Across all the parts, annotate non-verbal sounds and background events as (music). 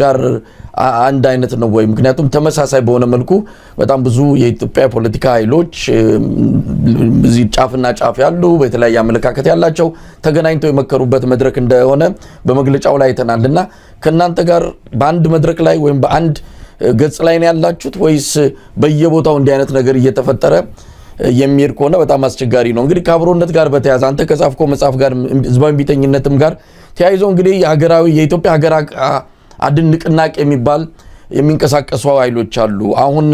ጋር አንድ አይነት ነው ወይ? ምክንያቱም ተመሳሳይ በሆነ መልኩ በጣም ብዙ የኢትዮጵያ ፖለቲካ ኃይሎች እዚህ ጫፍና ጫፍ ያሉ በተለያየ አመለካከት ያላቸው ተገናኝተው የመከሩበት መድረክ እንደሆነ በመግለጫው ላይ አይተናል። እና ከእናንተ ጋር በአንድ መድረክ ላይ ወይም በአንድ ገጽ ላይ ነው ያላችሁት ወይስ በየቦታው እንዲህ አይነት ነገር እየተፈጠረ የሚሄድ ከሆነ በጣም አስቸጋሪ ነው። እንግዲህ ከአብሮነት ጋር በተያያዘ አንተ ከጻፍከው መጽሐፍ ጋር ህዝባዊ ቢተኝነትም ጋር ተያይዞ እንግዲህ የሀገራዊ የኢትዮጵያ ሀገር አድን ንቅናቄ የሚባል የሚንቀሳቀሱ ኃይሎች አሉ። አሁን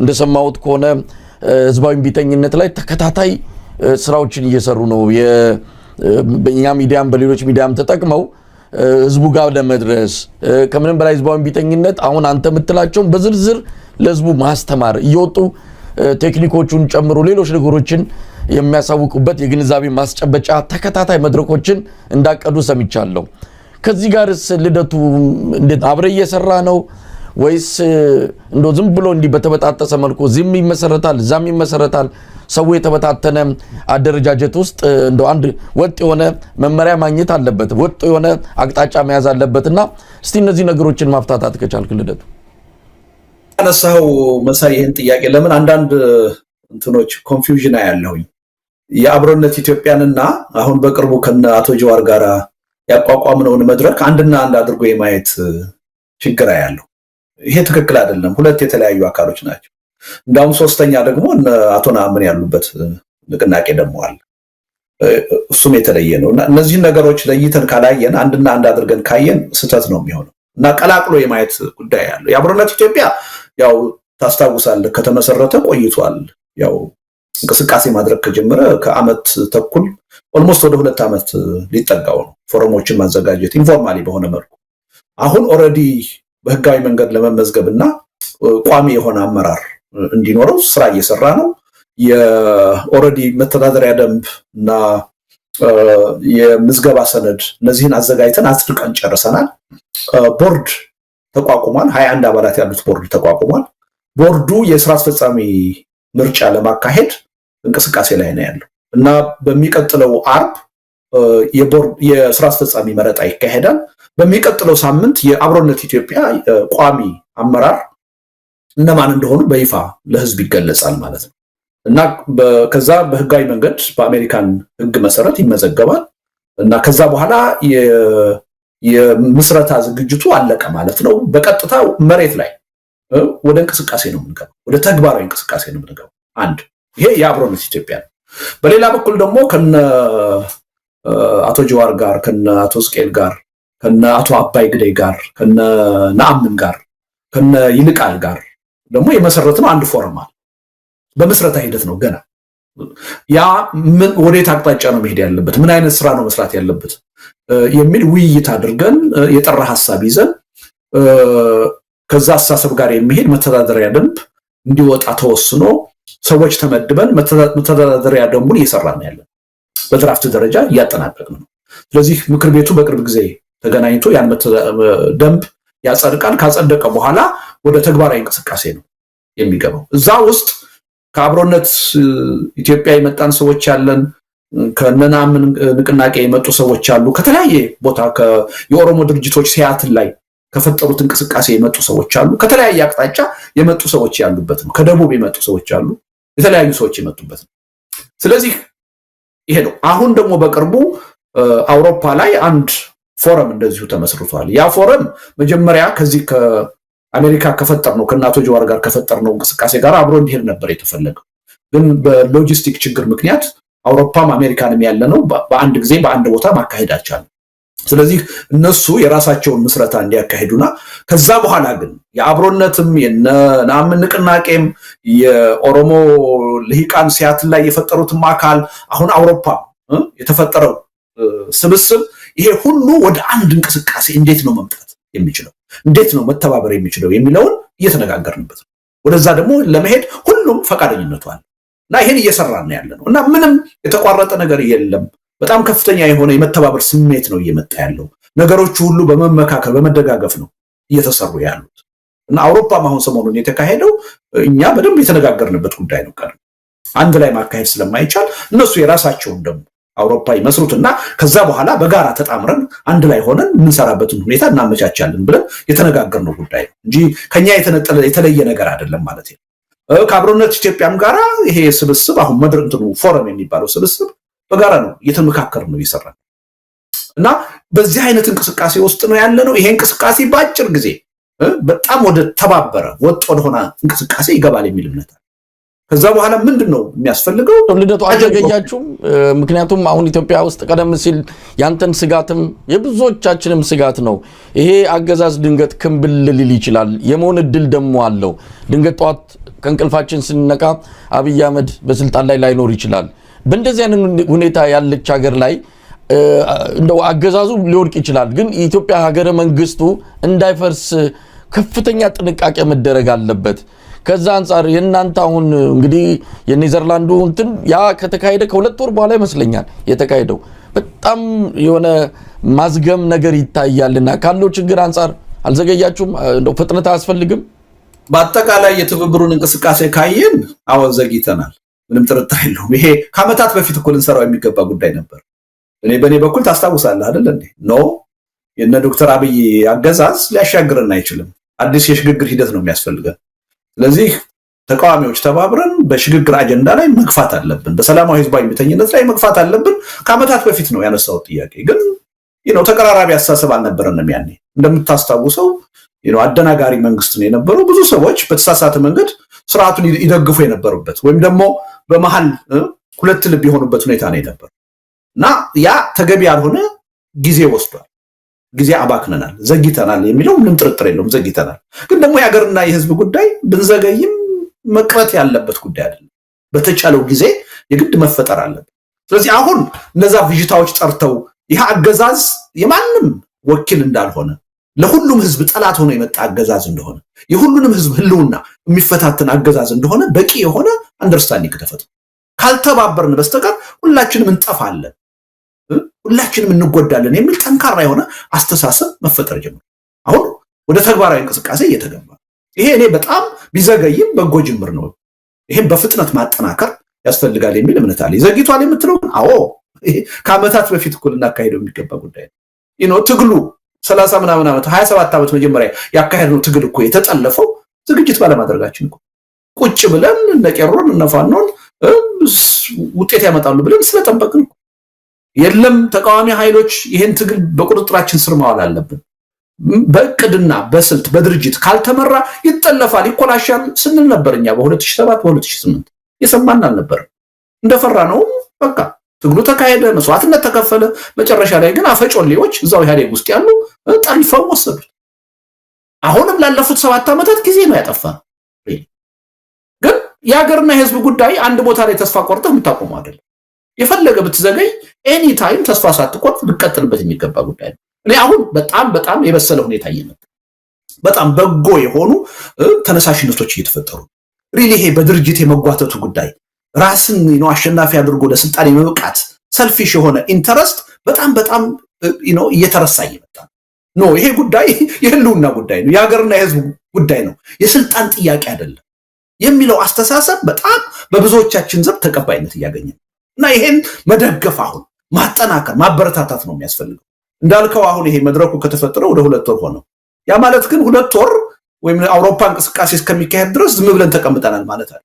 እንደሰማሁት ከሆነ ህዝባዊ እምቢተኝነት ላይ ተከታታይ ስራዎችን እየሰሩ ነው። በእኛ ሚዲያም በሌሎች ሚዲያም ተጠቅመው ህዝቡ ጋር ለመድረስ ከምንም በላይ ህዝባዊ እምቢተኝነት አሁን አንተ የምትላቸውን በዝርዝር ለህዝቡ ማስተማር እየወጡ ቴክኒኮቹን ጨምሮ ሌሎች ነገሮችን የሚያሳውቁበት የግንዛቤ ማስጨበጫ ተከታታይ መድረኮችን እንዳቀዱ ሰምቻለሁ። ከዚህ ጋርስ ልደቱ እንዴት አብረ እየሰራ ነው ወይስ እንዶ ዝም ብሎ እንዲህ በተበጣጠሰ መልኩ እዚህም ይመሰረታል እዛም ይመሰረታል። ሰው የተበታተነ አደረጃጀት ውስጥ እንደ አንድ ወጥ የሆነ መመሪያ ማግኘት አለበት፣ ወጥ የሆነ አቅጣጫ መያዝ አለበት። እና እስቲ እነዚህ ነገሮችን ማፍታታት ከቻልክ ልደቱ ያነሳው መሳይ ይህን ጥያቄ ለምን አንዳንድ እንትኖች ኮንፊውዥን ያለሁኝ የአብሮነት ኢትዮጵያንና አሁን በቅርቡ ከነ አቶ ጀዋር ጋር ያቋቋምነውን መድረክ አንድና አንድ አድርጎ የማየት ችግር ያለው ይሄ ትክክል አይደለም። ሁለት የተለያዩ አካሎች ናቸው። እንዳሁም ሶስተኛ ደግሞ አቶ ነአምን ያሉበት ንቅናቄ ደግሞ አለ። እሱም የተለየ ነው እና እነዚህን ነገሮች ለይተን ካላየን አንድና አንድ አድርገን ካየን ስህተት ነው የሚሆነው እና ቀላቅሎ የማየት ጉዳይ ያለው የአብሮነት ኢትዮጵያ ያው ታስታውሳለህ ከተመሰረተ ቆይቷል። ያው እንቅስቃሴ ማድረግ ከጀመረ ከአመት ተኩል ኦልሞስት ወደ ሁለት ዓመት ሊጠጋው ነው። ፎረሞችን ማዘጋጀት ኢንፎርማሊ በሆነ መልኩ አሁን ኦልሬዲ በህጋዊ መንገድ ለመመዝገብ እና ቋሚ የሆነ አመራር እንዲኖረው ስራ እየሰራ ነው። የኦልሬዲ መተዳደሪያ ደንብ እና የምዝገባ ሰነድ እነዚህን አዘጋጅተን አጽድቀን ጨርሰናል። ቦርድ ተቋቁሟል። ሀያ አንድ አባላት ያሉት ቦርድ ተቋቁሟል። ቦርዱ የስራ አስፈጻሚ ምርጫ ለማካሄድ እንቅስቃሴ ላይ ነው ያለው እና በሚቀጥለው አርብ የስራ አስፈጻሚ መረጣ ይካሄዳል። በሚቀጥለው ሳምንት የአብሮነት ኢትዮጵያ ቋሚ አመራር እነማን እንደሆኑ በይፋ ለህዝብ ይገለጻል ማለት ነው እና ከዛ በህጋዊ መንገድ በአሜሪካን ህግ መሰረት ይመዘገባል እና ከዛ በኋላ የምስረታ ዝግጅቱ አለቀ ማለት ነው። በቀጥታ መሬት ላይ ወደ እንቅስቃሴ ነው የምንገባው፣ ወደ ተግባራዊ እንቅስቃሴ ነው የምንገባው አንድ ይሄ የአብሮነት ኢትዮጵያ ነው። በሌላ በኩል ደግሞ ከነ አቶ ጀዋር ጋር ከነ አቶ ስቄል ጋር ከነ አቶ አባይ ግደይ ጋር ከነ ነአምን ጋር ከነ ይልቃል ጋር ደግሞ የመሰረት ነው አንድ ፎረም አለ። በምስረታ ሂደት ነው ገና። ያ ወዴት አቅጣጫ ነው መሄድ ያለበት፣ ምን አይነት ስራ ነው መስራት ያለበት የሚል ውይይት አድርገን የጠራ ሀሳብ ይዘን ከዛ አስተሳሰብ ጋር የሚሄድ መተዳደሪያ ደንብ እንዲወጣ ተወስኖ ሰዎች ተመድበን መተዳደሪያ ደንቡን እየሰራ ነው ያለን። በድራፍት ደረጃ እያጠናቀቅ ነው። ስለዚህ ምክር ቤቱ በቅርብ ጊዜ ተገናኝቶ ያን ደንብ ያጸድቃል። ካጸደቀ በኋላ ወደ ተግባራዊ እንቅስቃሴ ነው የሚገባው። እዛ ውስጥ ከአብሮነት ኢትዮጵያ የመጣን ሰዎች ያለን፣ ከነናምን ንቅናቄ የመጡ ሰዎች አሉ። ከተለያየ ቦታ የኦሮሞ ድርጅቶች ሲያትል ላይ ከፈጠሩት እንቅስቃሴ የመጡ ሰዎች አሉ። ከተለያየ አቅጣጫ የመጡ ሰዎች ያሉበት ነው። ከደቡብ የመጡ ሰዎች አሉ። የተለያዩ ሰዎች የመጡበት ነው። ስለዚህ ይሄ ነው። አሁን ደግሞ በቅርቡ አውሮፓ ላይ አንድ ፎረም እንደዚሁ ተመስርቷል። ያ ፎረም መጀመሪያ ከዚህ ከአሜሪካ ከፈጠር ነው ከእናቶ ጀዋር ጋር ከፈጠር ነው እንቅስቃሴ ጋር አብሮ እንዲሄድ ነበር የተፈለገው። ግን በሎጂስቲክ ችግር ምክንያት አውሮፓም አሜሪካንም ያለ ነው በአንድ ጊዜ በአንድ ቦታ ማካሄድ አልቻለም። ስለዚህ እነሱ የራሳቸውን ምስረታ እንዲያካሂዱና ከዛ በኋላ ግን የአብሮነትም የነናም ንቅናቄም የኦሮሞ ልሂቃን ሲያትል ላይ የፈጠሩትም አካል አሁን አውሮፓ የተፈጠረው ስብስብ ይሄ ሁሉ ወደ አንድ እንቅስቃሴ እንዴት ነው መምጣት የሚችለው እንዴት ነው መተባበር የሚችለው የሚለውን እየተነጋገርንበት ነው። ወደዛ ደግሞ ለመሄድ ሁሉም ፈቃደኝነቱ አለ እና ይህን እየሰራን ያለ ነው እና ምንም የተቋረጠ ነገር የለም። በጣም ከፍተኛ የሆነ የመተባበር ስሜት ነው እየመጣ ያለው። ነገሮቹ ሁሉ በመመካከል በመደጋገፍ ነው እየተሰሩ ያሉት እና አውሮፓም አሁን ሰሞኑን የተካሄደው እኛ በደንብ የተነጋገርንበት ጉዳይ ነው። ቀር አንድ ላይ ማካሄድ ስለማይቻል እነሱ የራሳቸውን ደግሞ አውሮፓ ይመስሩትና ከዛ በኋላ በጋራ ተጣምረን አንድ ላይ ሆነን የምንሰራበትን ሁኔታ እናመቻቻለን ብለን የተነጋገርነው ጉዳይ ነው እንጂ ከኛ የተለየ ነገር አይደለም ማለት ነው። ከአብሮነት ኢትዮጵያም ጋራ ይሄ ስብስብ አሁን መድር እንትኑ ፎረም የሚባለው ስብስብ በጋራ ነው እየተመካከር ነው እየሰራ እና በዚህ አይነት እንቅስቃሴ ውስጥ ነው ያለ ነው። ይሄ እንቅስቃሴ በአጭር ጊዜ በጣም ወደ ተባበረ ወጥ ወደሆነ እንቅስቃሴ ይገባል የሚል እምነት ከዛ በኋላ ምንድን ነው የሚያስፈልገው? ልደቱ አልዘገያችሁም። ምክንያቱም አሁን ኢትዮጵያ ውስጥ ቀደም ሲል ያንተን ስጋትም የብዙዎቻችንም ስጋት ነው። ይሄ አገዛዝ ድንገት ክምብል ሊል ይችላል። የመሆን እድል ደግሞ አለው። ድንገት ጠዋት ከእንቅልፋችን ስንነቃ አብይ አህመድ በስልጣን ላይ ላይኖር ይችላል። በእንደዚህ አይነት ሁኔታ ያለች ሀገር ላይ እንደው አገዛዙ ሊወድቅ ይችላል፣ ግን የኢትዮጵያ ሀገረ መንግስቱ እንዳይፈርስ ከፍተኛ ጥንቃቄ መደረግ አለበት። ከዛ አንጻር የእናንተ አሁን እንግዲህ የኔዘርላንዱ እንትን ያ ከተካሄደ ከሁለት ወር በኋላ ይመስለኛል የተካሄደው በጣም የሆነ ማዝገም ነገር ይታያልና ካለው ችግር አንጻር አልዘገያችሁም? እንደው ፍጥነት አያስፈልግም? በአጠቃላይ የትብብሩን እንቅስቃሴ ካየን አሁን ዘግይተናል። ምንም ጥርጥር የለውም። ይሄ ከአመታት በፊት እኮ ልንሰራው የሚገባ ጉዳይ ነበር። እኔ በእኔ በኩል ታስታውሳለህ አይደል እንዴ? ኖ የነ ዶክተር አብይ አገዛዝ ሊያሻግረን አይችልም። አዲስ የሽግግር ሂደት ነው የሚያስፈልገን። ስለዚህ ተቃዋሚዎች ተባብረን በሽግግር አጀንዳ ላይ መግፋት አለብን። በሰላማዊ ህዝባዊ እምቢተኝነት ላይ መግፋት አለብን። ከዓመታት በፊት ነው ያነሳሁት ጥያቄ ግን ነው ተቀራራቢ አስተሳሰብ አልነበረንም ያኔ እንደምታስታውሰው አደናጋሪ መንግስት ነው የነበረው። ብዙ ሰዎች በተሳሳተ መንገድ ስርዓቱን ይደግፉ የነበሩበት ወይም ደግሞ በመሀል ሁለት ልብ የሆኑበት ሁኔታ ነው የነበሩ። እና ያ ተገቢ ያልሆነ ጊዜ ወስዷል። ጊዜ አባክነናል፣ ዘግይተናል የሚለው ምንም ጥርጥር የለውም። ዘግይተናል። ግን ደግሞ የሀገርና የህዝብ ጉዳይ ብንዘገይም መቅረት ያለበት ጉዳይ አይደለም። በተቻለው ጊዜ የግድ መፈጠር አለበት። ስለዚህ አሁን እነዛ ብዥታዎች ጠርተው ይህ አገዛዝ የማንም ወኪል እንዳልሆነ ለሁሉም ህዝብ ጠላት ሆኖ የመጣ አገዛዝ እንደሆነ የሁሉንም ህዝብ ህልውና የሚፈታትን አገዛዝ እንደሆነ በቂ የሆነ አንደርስታንዲንግ ተፈጥሮ ካልተባበርን በስተቀር ሁላችንም እንጠፋለን፣ ሁላችንም እንጎዳለን የሚል ጠንካራ የሆነ አስተሳሰብ መፈጠር ጀምሯል። አሁን ወደ ተግባራዊ እንቅስቃሴ እየተገባ ይሄ እኔ በጣም ቢዘገይም በጎ ጅምር ነው። ይህም በፍጥነት ማጠናከር ያስፈልጋል የሚል እምነት አለ። ዘግይቷል የምትለው አዎ፣ ከዓመታት በፊት እኩል እናካሄደው የሚገባ ጉዳይ ነው። ትግሉ ሰላሳ ምናምን ዓመት ሀያ ሰባት ዓመት መጀመሪያ ያካሄድነው ትግል እኮ የተጠለፈው ዝግጅት ባለማድረጋችን እኮ ቁጭ ብለን እነ ቄሮን እነ ፋኖን ውጤት ያመጣሉ ብለን ስለጠበቅን የለም ተቃዋሚ ኃይሎች ይህን ትግል በቁጥጥራችን ስር ማዋል አለብን በእቅድና በስልት በድርጅት ካልተመራ ይጠለፋል ይኮላሻል ስንል ነበር እኛ በ2007 በ2008 የሰማን አልነበርም እንደፈራ ነውም በቃ ትግሉ ተካሄደ፣ መስዋዕትነት ተከፈለ። መጨረሻ ላይ ግን አፈጮሌዎች እዛው ኢህአዴግ ውስጥ ያሉ ጠልፈው ወሰዱት። አሁንም ላለፉት ሰባት ዓመታት ጊዜ ነው ያጠፋ። ግን የሀገርና የህዝብ ጉዳይ አንድ ቦታ ላይ ተስፋ ቆርጠህ የምታቆመው አይደለም። የፈለገ ብትዘገይ ኤኒ ታይም ተስፋ ሳትቆርጥ ልቀጥልበት የሚገባ ጉዳይ ነው። እኔ አሁን በጣም በጣም የበሰለ ሁኔታ እየመጣ በጣም በጎ የሆኑ ተነሳሽነቶች እየተፈጠሩ ሪሊ ይሄ በድርጅት የመጓተቱ ጉዳይ ራስን ነው አሸናፊ አድርጎ ለስልጣን የመብቃት ሰልፊሽ የሆነ ኢንተረስት በጣም በጣም እየተረሳ እየመጣ ኖ ይሄ ጉዳይ (laughs) የህልውና ጉዳይ ነው፣ የሀገርና የህዝብ ጉዳይ ነው፣ የስልጣን ጥያቄ አይደለም የሚለው አስተሳሰብ በጣም በብዙዎቻችን ዘብ ተቀባይነት እያገኘ ነው እና ይሄን መደገፍ አሁን ማጠናከር ማበረታታት ነው የሚያስፈልገው። እንዳልከው አሁን ይሄ መድረኩ ከተፈጠረ ወደ ሁለት ወር ሆነው፣ ያ ማለት ግን ሁለት ወር ወይም አውሮፓ እንቅስቃሴ እስከሚካሄድ ድረስ ዝም ብለን ተቀምጠናል ማለት አለ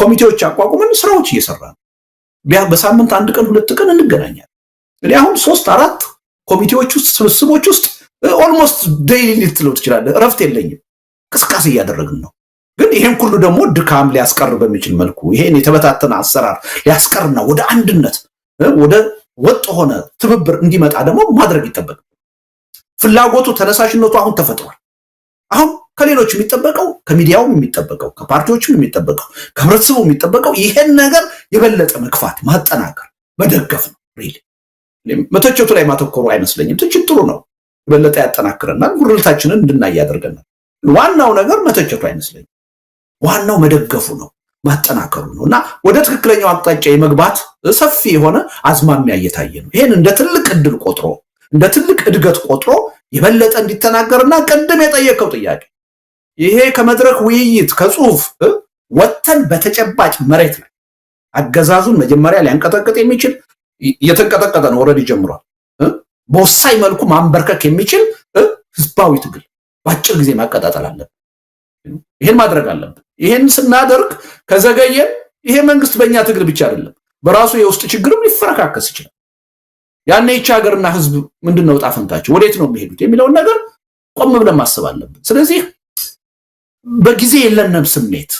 ኮሚቴዎች አቋቁመን ስራዎች እየሰራ ነው። በሳምንት አንድ ቀን ሁለት ቀን እንገናኛለን። እኔ አሁን ሶስት አራት ኮሚቴዎች ውስጥ ስብስቦች ውስጥ ኦልሞስት ዴይሊ ልትለው ትችላለህ። እረፍት የለኝም። እንቅስቃሴ እያደረግን ነው። ግን ይሄን ሁሉ ደግሞ ድካም ሊያስቀር በሚችል መልኩ ይሄን የተበታተነ አሰራር ሊያስቀርና ወደ አንድነት ወደ ወጥ ሆነ ትብብር እንዲመጣ ደግሞ ማድረግ ይጠበቅ። ፍላጎቱ ተነሳሽነቱ አሁን ተፈጥሯል። አሁን ከሌሎች የሚጠበቀው ከሚዲያውም የሚጠበቀው ከፓርቲዎችም የሚጠበቀው ከህብረተሰቡ የሚጠበቀው ይሄን ነገር የበለጠ መግፋት፣ ማጠናከር፣ መደገፍ ነው። መተቸቱ ላይ ማተኮሩ አይመስለኝም። ትችት ጥሩ ነው፣ የበለጠ ያጠናክረናል፣ ጉርልታችንን እንድናይ ያደርገናል። ዋናው ነገር መተቸቱ አይመስለኝም። ዋናው መደገፉ ነው፣ ማጠናከሩ ነው እና ወደ ትክክለኛው አቅጣጫ የመግባት ሰፊ የሆነ አዝማሚያ እየታየ ነው። ይህን እንደ ትልቅ እድል ቆጥሮ እንደ ትልቅ እድገት ቆጥሮ የበለጠ እንዲተናገርና ቅድም የጠየቀው ጥያቄ ይሄ ከመድረክ ውይይት ከጽሁፍ ወጥተን በተጨባጭ መሬት ላይ አገዛዙን መጀመሪያ ሊያንቀጠቅጥ የሚችል እየተንቀጠቀጠ ነው፣ ወረድ ጀምሯል። በወሳኝ መልኩ ማንበርከክ የሚችል ህዝባዊ ትግል በአጭር ጊዜ ማቀጣጠል አለብን። ይህን ማድረግ አለብን። ይህን ስናደርግ ከዘገየን ይሄ መንግስት በእኛ ትግል ብቻ አይደለም በራሱ የውስጥ ችግርም ሊፈረካከስ ይችላል። ያኔ ይቺ ሀገርና ህዝብ ምንድን ነው እጣ ፈንታቸው፣ ወዴት ነው የሚሄዱት የሚለውን ነገር ቆም ብለን ማሰብ አለብን። ስለዚህ በጊዜ የለንም ስሜት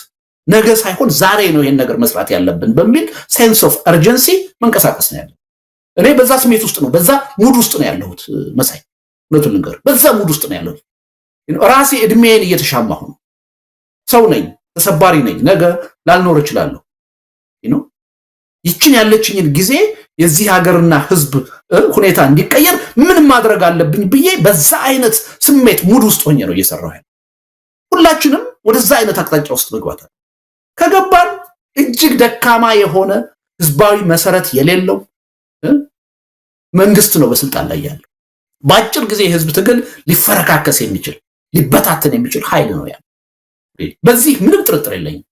ነገ ሳይሆን ዛሬ ነው ይህን ነገር መስራት ያለብን በሚል ሴንስ ኦፍ እርጀንሲ መንቀሳቀስ ነው ያለ። እኔ በዛ ስሜት ውስጥ ነው በዛ ሙድ ውስጥ ነው ያለሁት። መሳይ እውነቱን ልንገር፣ በዛ ሙድ ውስጥ ነው ያለሁት። ራሴ እድሜዬን እየተሻማሁ ነው። ሰው ነኝ፣ ተሰባሪ ነኝ። ነገ ላልኖር እችላለሁ። ይችን ያለችኝን ጊዜ የዚህ ሀገርና ሕዝብ ሁኔታ እንዲቀየር ምን ማድረግ አለብኝ ብዬ በዛ አይነት ስሜት ሙድ ውስጥ ሆኜ ነው እየሰራሁ ሁላችንም ወደዛ አይነት አቅጣጫ ውስጥ መግባት አለ። ከገባን እጅግ ደካማ የሆነ ህዝባዊ መሰረት የሌለው መንግስት ነው በስልጣን ላይ ያለው። በአጭር ጊዜ የህዝብ ትግል ሊፈረካከስ የሚችል ሊበታተን የሚችል ኃይል ነው ያለው። በዚህ ምንም ጥርጥር የለኝም።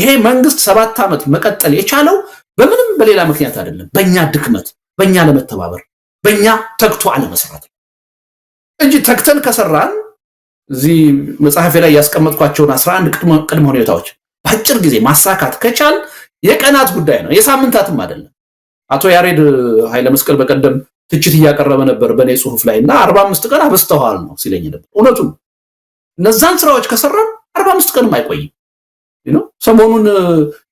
ይሄ መንግስት ሰባት ዓመት መቀጠል የቻለው በምንም በሌላ ምክንያት አይደለም፣ በእኛ ድክመት፣ በእኛ ለመተባበር፣ በእኛ ተግቶ አለመስራት እንጂ ተግተን ከሰራን እዚህ መጽሐፌ ላይ ያስቀመጥኳቸውን አስራ አንድ ቅድመ ሁኔታዎች በአጭር ጊዜ ማሳካት ከቻል የቀናት ጉዳይ ነው፣ የሳምንታትም አይደለም። አቶ ያሬድ ኃይለ መስቀል በቀደም ትችት እያቀረበ ነበር በእኔ ጽሁፍ ላይ እና አርባ አምስት ቀን አበስተዋል ነው ሲለኝ ነበር። እውነቱ እነዛን ስራዎች ከሰራን አርባ አምስት ቀንም አይቆይም። ሰሞኑን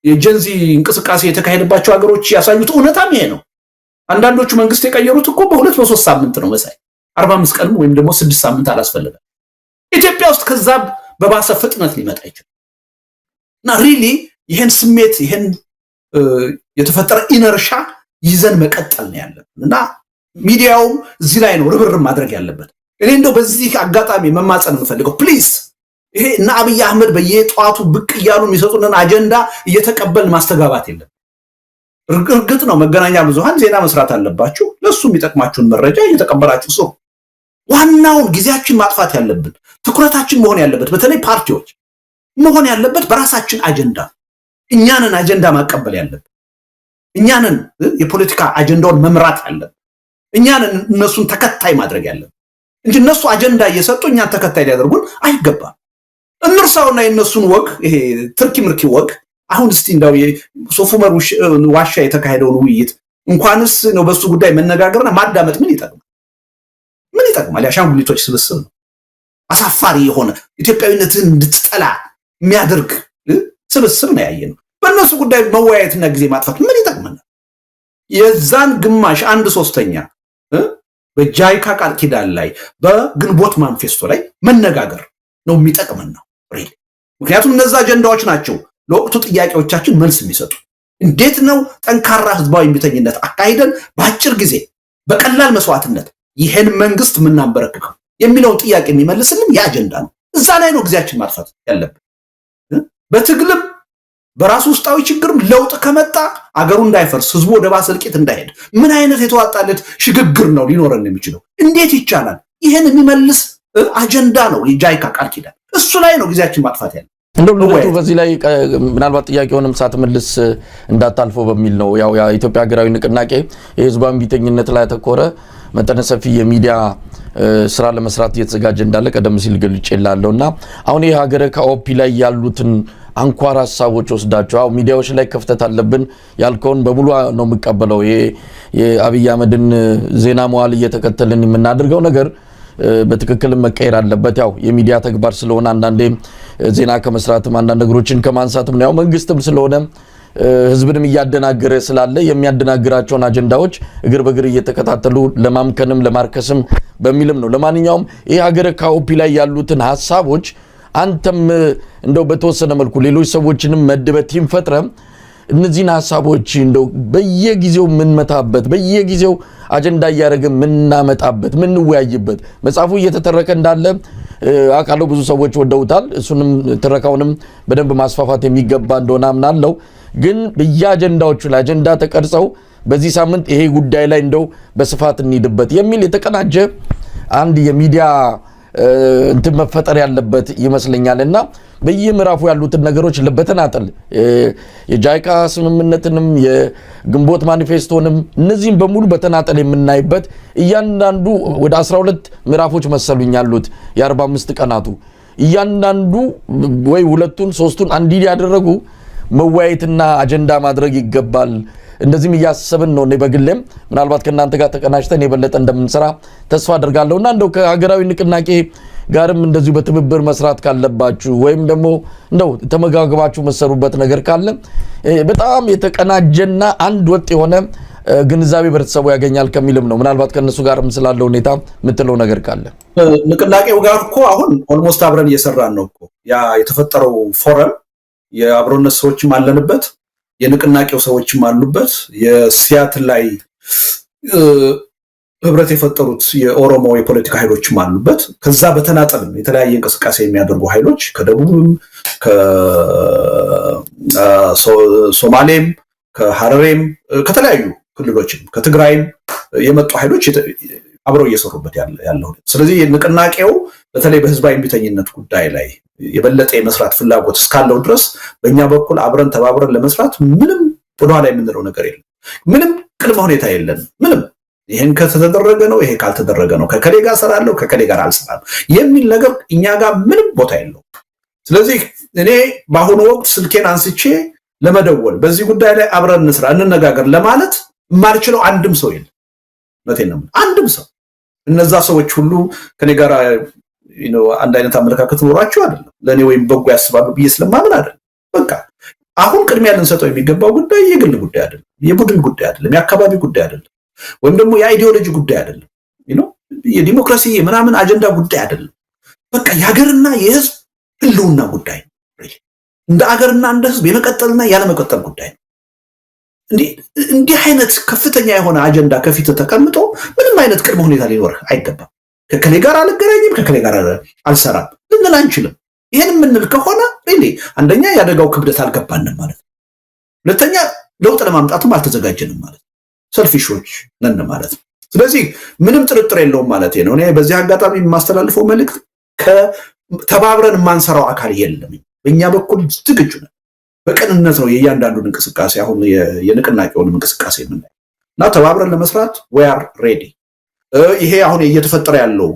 የጀንዚ እንቅስቃሴ የተካሄደባቸው ሀገሮች ያሳዩት እውነታም ይሄ ነው። አንዳንዶቹ መንግስት የቀየሩት እኮ በሁለት በሶስት ሳምንት ነው መሳይ። አርባ አምስት ቀንም ወይም ደግሞ ስድስት ሳምንት አላስፈልጋል። ኢትዮጵያ ውስጥ ከዛ በባሰ ፍጥነት ሊመጣ ይችላል እና ሪሊ ይህን ስሜት ይህን የተፈጠረ ኢነርሻ ይዘን መቀጠል ነው ያለብን እና ሚዲያውም እዚህ ላይ ነው ርብርብ ማድረግ ያለበት። እኔ እንደው በዚህ አጋጣሚ መማፀን የምፈልገው ፕሊስ ይሄ እና አብይ አህመድ በየጠዋቱ ብቅ እያሉ የሚሰጡንን አጀንዳ እየተቀበልን ማስተጋባት የለም። እርግጥ ነው መገናኛ ብዙሃን ዜና መስራት አለባችሁ። ለሱ የሚጠቅማችሁን መረጃ እየተቀበላችሁ ሰው ዋናውን ጊዜያችን ማጥፋት ያለብን ትኩረታችን መሆን ያለበት በተለይ ፓርቲዎች መሆን ያለበት በራሳችን አጀንዳ እኛንን አጀንዳ ማቀበል ያለብን እኛንን የፖለቲካ አጀንዳውን መምራት ያለብን እኛንን እነሱን ተከታይ ማድረግ ያለብን እንጂ እነሱ አጀንዳ እየሰጡ እኛን ተከታይ ሊያደርጉን አይገባም። እንርሳውና የእነሱን ወግ ይሄ ትርኪ ምርኪ ወግ አሁን እስቲ እንዳው ሶፉመር ዋሻ የተካሄደውን ውይይት እንኳንስ ነው በሱ ጉዳይ መነጋገርና ማዳመጥ ምን ይጠቅማል? ምን ይጠቅማል? የአሻንጉሊቶች ስብስብ ነው። አሳፋሪ የሆነ ኢትዮጵያዊነትህን እንድትጠላ የሚያደርግ ስብስብ ነው ያየ ነው። በእነሱ ጉዳይ መወያየትና ጊዜ ማጥፋት ምን ይጠቅመናል? የዛን ግማሽ አንድ ሶስተኛ በጃይካ ቃል ኪዳን ላይ በግንቦት ማንፌስቶ ላይ መነጋገር ነው የሚጠቅመን ነው። ምክንያቱም እነዛ አጀንዳዎች ናቸው ለወቅቱ ጥያቄዎቻችን መልስ የሚሰጡ። እንዴት ነው ጠንካራ ህዝባዊ እምቢተኝነት አካሂደን በአጭር ጊዜ በቀላል መስዋዕትነት ይሄን መንግስት የምናንበረክከው? የሚለውን ጥያቄ የሚመልስልን የአጀንዳ ነው። እዛ ላይ ነው ጊዜያችን ማጥፋት ያለብን። በትግልም በራሱ ውስጣዊ ችግርም ለውጥ ከመጣ አገሩ እንዳይፈርስ፣ ህዝቡ ወደ ባሰ እልቂት እንዳይሄድ ምን አይነት የተዋጣለት ሽግግር ነው ሊኖረን የሚችለው? እንዴት ይቻላል? ይህን የሚመልስ አጀንዳ ነው የጃይካ ቃል ኪዳን። እሱ ላይ ነው ጊዜያችን ማጥፋት ያለ እንደውም ንብረቱ በዚህ ላይ ምናልባት ጥያቄውንም ሳትመልስ እንዳታልፈው በሚል ነው። ያው የኢትዮጵያ ሀገራዊ ንቅናቄ የህዝባዊ ቢተኝነት ላይ ያተኮረ መጠነ ሰፊ የሚዲያ ስራ ለመስራት እየተዘጋጀ እንዳለ ቀደም ሲል ገልጬላለሁ እና አሁን ይህ ሀገረ ከኦፒ ላይ ያሉትን አንኳር ሀሳቦች ወስዳቸው አሁ ሚዲያዎች ላይ ክፍተት አለብን ያልከውን በሙሉ ነው የምቀበለው። ይሄ የአብይ አህመድን ዜና መዋል እየተከተልን የምናደርገው ነገር በትክክል መቀየር አለበት። ያው የሚዲያ ተግባር ስለሆነ አንዳንዴ ዜና ከመስራትም አንዳንድ ነገሮችን ከማንሳትም ያው መንግስትም ስለሆነ ህዝብንም እያደናገረ ስላለ የሚያደናግራቸውን አጀንዳዎች እግር በእግር እየተከታተሉ ለማምከንም ለማርከስም በሚልም ነው። ለማንኛውም ይህ ሀገረ ካኦፒ ላይ ያሉትን ሀሳቦች አንተም እንደው በተወሰነ መልኩ ሌሎች ሰዎችንም መድበት ቲም ፈጥረ እነዚህን ሀሳቦች እንደው በየጊዜው የምንመታበት በየጊዜው አጀንዳ እያደረግን የምናመጣበት ምንወያይበት መጽሐፉ እየተተረከ እንዳለ አውቃለሁ ብዙ ሰዎች ወደውታል። እሱንም ትረካውንም በደንብ ማስፋፋት የሚገባ እንደሆነ አምናለሁ። ግን በየአጀንዳዎቹ ላይ አጀንዳ ተቀርጸው በዚህ ሳምንት ይሄ ጉዳይ ላይ እንደው በስፋት እንሂድበት የሚል የተቀናጀ አንድ የሚዲያ እንትን መፈጠር ያለበት ይመስለኛል እና በየምዕራፉ ያሉትን ነገሮች በተናጠል የጃይቃ ስምምነትንም የግንቦት ማኒፌስቶንም እነዚህም በሙሉ በተናጠል የምናይበት እያንዳንዱ ወደ 12 ምዕራፎች መሰሉኝ ያሉት የ45 ቀናቱ እያንዳንዱ ወይ ሁለቱን ሶስቱን አንድ ያደረጉ መወያየትና አጀንዳ ማድረግ ይገባል። እንደዚህም እያሰብን ነው። እኔ በግሌም ምናልባት ከእናንተ ጋር ተቀናጅተን የበለጠ እንደምንሰራ ተስፋ አድርጋለሁ እና እንደው ከሀገራዊ ንቅናቄ ጋርም እንደዚሁ በትብብር መስራት ካለባችሁ ወይም ደግሞ እንደው ተመጋግባችሁ መሰሩበት ነገር ካለ በጣም የተቀናጀና አንድ ወጥ የሆነ ግንዛቤ በህብረተሰቡ ያገኛል ከሚልም ነው። ምናልባት ከእነሱ ጋርም ስላለው ሁኔታ የምትለው ነገር ካለ ንቅናቄው ጋር እኮ አሁን ኦልሞስት አብረን እየሰራን ነው እኮ ያ የተፈጠረው ፎረም የአብሮነት ሰዎችም አለንበት፣ የንቅናቄው ሰዎችም አሉበት። የሲያትል ላይ ህብረት የፈጠሩት የኦሮሞ የፖለቲካ ኃይሎችም አሉበት። ከዛ በተናጠል የተለያየ እንቅስቃሴ የሚያደርጉ ኃይሎች ከደቡብም፣ ከሶማሌም፣ ከሀረሬም፣ ከተለያዩ ክልሎችም ከትግራይም የመጡ ኃይሎች አብረው እየሰሩበት ያለ ስለዚህ ንቅናቄው በተለይ በህዝባዊ እምቢተኝነት ጉዳይ ላይ የበለጠ የመስራት ፍላጎት እስካለው ድረስ በእኛ በኩል አብረን ተባብረን ለመስራት ምንም ወደኋላ የምንለው ነገር የለም። ምንም ቅድመ ሁኔታ የለን ምንም ይህን ከተደረገ ነው፣ ይሄ ካልተደረገ ነው፣ ከከሌ ጋር እሰራለሁ፣ ከከሌ ጋር አልሰራም የሚል ነገር እኛ ጋር ምንም ቦታ የለው። ስለዚህ እኔ በአሁኑ ወቅት ስልኬን አንስቼ ለመደወል በዚህ ጉዳይ ላይ አብረን እንስራ፣ እንነጋገር ለማለት የማልችለው አንድም ሰው የለ ነው። አንድም ሰው እነዛ ሰዎች ሁሉ ከኔ ጋር አንድ አይነት አመለካከት ኖሯቸው አይደለም። ለእኔ ወይም በጎ ያስባሉ ብዬ ስለማምን አይደለም። በቃ አሁን ቅድሚያ ልንሰጠው የሚገባው ጉዳይ የግል ጉዳይ አይደለም፣ የቡድን ጉዳይ አይደለም፣ የአካባቢ ጉዳይ አይደለም። ወይም ደግሞ የአይዲዮሎጂ ጉዳይ አይደለም፣ የዲሞክራሲ የምናምን አጀንዳ ጉዳይ አይደለም። በቃ የሀገርና የህዝብ ህልውና ጉዳይ እንደ አገርና እንደ ህዝብ የመቀጠልና ያለመቀጠል ጉዳይ ነው። እንዲህ አይነት ከፍተኛ የሆነ አጀንዳ ከፊት ተቀምጦ ምንም አይነት ቅድመ ሁኔታ ሊኖርህ አይገባም። ከከሌ ጋር አልገናኝም፣ ከከሌ ጋር አልሰራም ልንል አንችልም። ይህን የምንል ከሆነ አንደኛ የአደጋው ክብደት አልገባንም ማለት ነው። ሁለተኛ ለውጥ ለማምጣትም አልተዘጋጀንም ማለት ነው። ሰልፊሾች ነን ማለት ነው። ስለዚህ ምንም ጥርጥር የለውም ማለት ነው። እኔ በዚህ አጋጣሚ የማስተላልፈው መልእክት ከተባብረን የማንሰራው አካል የለም። በእኛ በኩል ዝግጁ ነን። በቅንነት ነው የእያንዳንዱን እንቅስቃሴ አሁን የንቅናቄውንም እንቅስቃሴ የምናየው እና ተባብረን ለመስራት ወያር ሬዲ። ይሄ አሁን እየተፈጠረ ያለው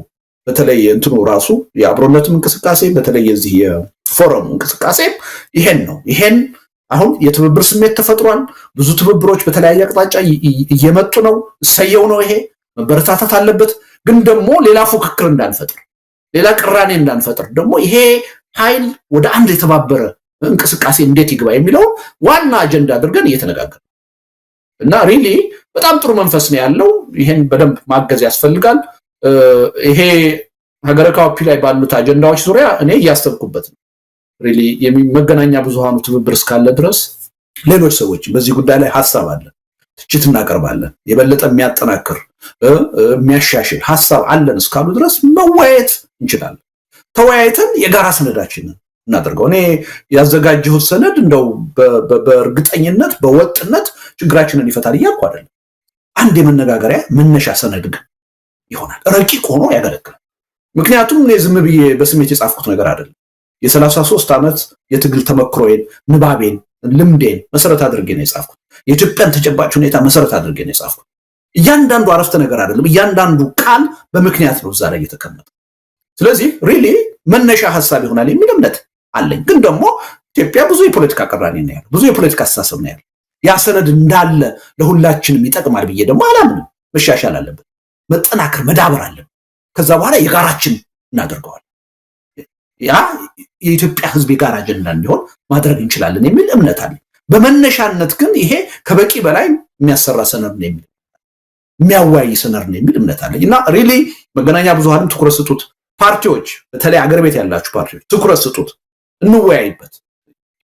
በተለይ እንትኑ ራሱ የአብሮነትም እንቅስቃሴ በተለይ የዚህ የፎረሙ እንቅስቃሴ ይሄን ነው ይሄን አሁን የትብብር ስሜት ተፈጥሯል። ብዙ ትብብሮች በተለያየ አቅጣጫ እየመጡ ነው። እሰየው ነው። ይሄ መበረታታት አለበት። ግን ደግሞ ሌላ ፉክክር እንዳንፈጥር፣ ሌላ ቅራኔ እንዳንፈጥር ደግሞ ይሄ ኃይል ወደ አንድ የተባበረ እንቅስቃሴ እንዴት ይግባ የሚለው ዋና አጀንዳ አድርገን እየተነጋገር እና ሪሊ በጣም ጥሩ መንፈስ ነው ያለው። ይሄን በደንብ ማገዝ ያስፈልጋል። ይሄ ሀገረ ካፒ ላይ ባሉት አጀንዳዎች ዙሪያ እኔ እያሰብኩበት ነው። መገናኛ ብዙሃኑ ትብብር እስካለ ድረስ ሌሎች ሰዎች በዚህ ጉዳይ ላይ ሀሳብ አለ፣ ትችት እናቀርባለን። የበለጠ የሚያጠናክር የሚያሻሽል ሀሳብ አለን እስካሉ ድረስ መወያየት እንችላለን። ተወያይተን የጋራ ሰነዳችንን እናደርገው። እኔ ያዘጋጀሁት ሰነድ እንደው በእርግጠኝነት በወጥነት ችግራችንን ይፈታል እያልኩ አይደለም። አንድ የመነጋገሪያ መነሻ ሰነድ ግን ይሆናል፣ ረቂቅ ሆኖ ያገለግላል። ምክንያቱም እኔ ዝም ብዬ በስሜት የጻፍኩት ነገር አይደለም። የሰላሳ ሶስት ዓመት የትግል ተመክሮዬን ንባቤን ልምዴን መሰረት አድርጌ ነው የጻፍኩት። የኢትዮጵያን ተጨባጭ ሁኔታ መሰረት አድርጌ ነው የጻፍኩት። እያንዳንዱ አረፍተ ነገር አይደለም፣ እያንዳንዱ ቃል በምክንያት ነው እዛ ላይ የተቀመጠ። ስለዚህ ሪሊ መነሻ ሀሳብ ይሆናል የሚል እምነት አለኝ። ግን ደግሞ ኢትዮጵያ ብዙ የፖለቲካ ቅራኔ ነው ያለው፣ ብዙ የፖለቲካ አስተሳሰብ ነው ያለው። ያ ሰነድ እንዳለ ለሁላችንም ይጠቅማል ብዬ ደግሞ አላምንም። መሻሻል አለበት፣ መጠናከር መዳበር አለበት። ከዛ በኋላ የጋራችን እናደርገዋል። ያ የኢትዮጵያ ህዝብ የጋራ አጀንዳ እንዲሆን ማድረግ እንችላለን የሚል እምነት አለ። በመነሻነት ግን ይሄ ከበቂ በላይ የሚያሰራ ሰነድ ነው የሚል የሚያወያይ ሰነድ ነው የሚል እምነት አለ እና ሪሊ መገናኛ ብዙሃንም ትኩረት ስጡት። ፓርቲዎች በተለይ አገር ቤት ያላችሁ ፓርቲዎች ትኩረት ስጡት፣ እንወያይበት።